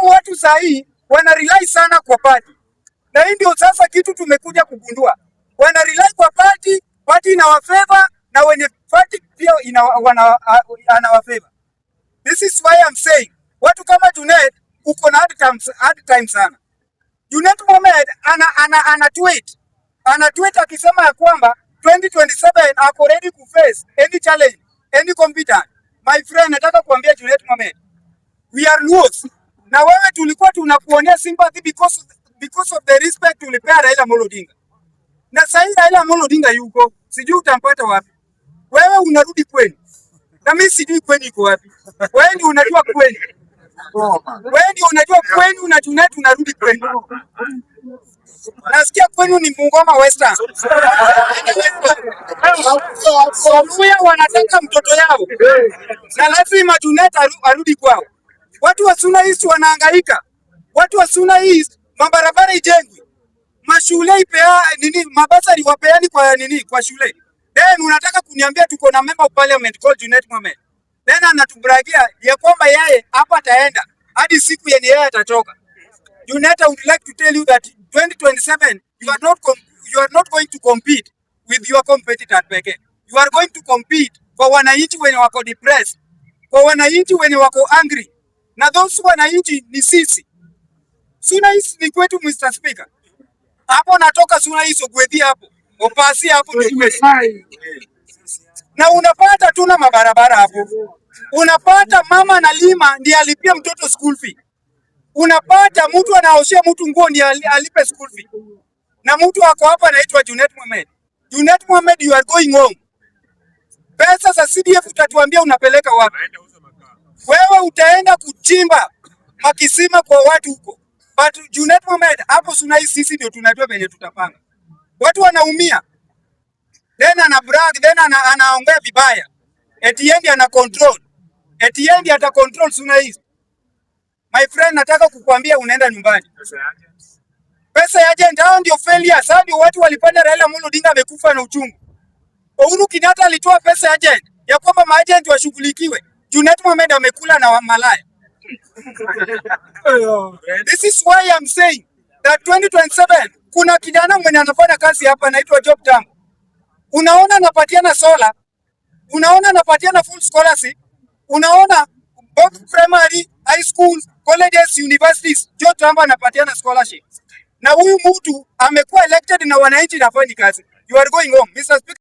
hao watu saa hii wana rely sana kwa party, na hii ndio sasa kitu tumekuja kugundua, wana rely kwa party, party wafeva na wenye party pia ina wana, ana wafeva. This is why I'm saying watu kama Junet uko na hard times, hard times sana. Junet Mohamed ana, ana, ana tweet ana tweet akisema ya kwamba 2027 ako ready to face any challenge any computer. My friend, nataka kuambia Junet Mohamed we are lose na wewe tulikuwa tunakuonea sympathy because, because of the respect tulipea Raila Amolo Odinga, na sasa Raila Amolo Odinga yuko sijui utampata wapi. Wewe unarudi kwenu na mimi sijui kwenu iko wapi. Wewe ndio unajua kwenu, wewe ndio unajua kwenu na tunaye tunarudi kwenu. Nasikia kwenu ni Mungoma Western. Wanataka mtoto yao na lazima tunaye arudi kwao. Watu wa Suna East wanahangaika, watu wa Suna East, mabarabara ijengwe, mashule ipea nini, mabasari wapeani kwa nini, kwa shule. Then unataka kuniambia tuko na member of parliament called Junet Mohamed, then anatubragia ya kwamba yeye hapa ataenda hadi siku yenye yeye atatoka. Junet, I would like to tell you that 2027 you are not you are not going to compete with your competitor peke. You are going to compete kwa wananchi wenye wako depressed, kwa wananchi wenye wako angry na those wananchi ni sisi. Suna hizi ni kwetu, Mr. Speaker. Hapo natoka suna hizo kwetia hapo. Opasi hapo ndio tumesai. Na unapata tuna mabarabara hapo. Unapata mama na lima ndiye alipia mtoto school fee. Unapata mtu anaoshia mtu nguo ndiye alipe school fee. Na mtu ako hapa anaitwa Junet Mohamed. Junet Mohamed, you are going home. Pesa za CDF utatuambia unapeleka wapi? Wewe utaenda kuchimba makisima kwa watu huko, but Junet Mohamed hapo sunai, sisi ndio tunajua venye tutapanga. Watu wanaumia, then ana brag, then ana, anaongea vibaya, etiendi ana control, etiendi ata control sunai. My friend, nataka kukuambia unaenda nyumbani. Pesa ya agent hao ndio failure. Sasa ndio watu walipanda Raila Amolo Odinga amekufa na uchungu. Uhuru Kenyatta alitoa pesa ya agent ya kwamba maagent washughulikiwe. Junet Mohamed amekula na malaya. This is why I'm saying that 2027 kuna kijana mwenye anafanya kazi hapa anaitwa Job Tambo. Unaona anapatiana sola, unaona anapatiana full scholarship, unaona both primary, high school, colleges, universities, Job Tambo anapatiana scholarship. Na huyu mtu amekuwa elected na wananchi, nafanya kazi. You are going home, Mr. Speaker.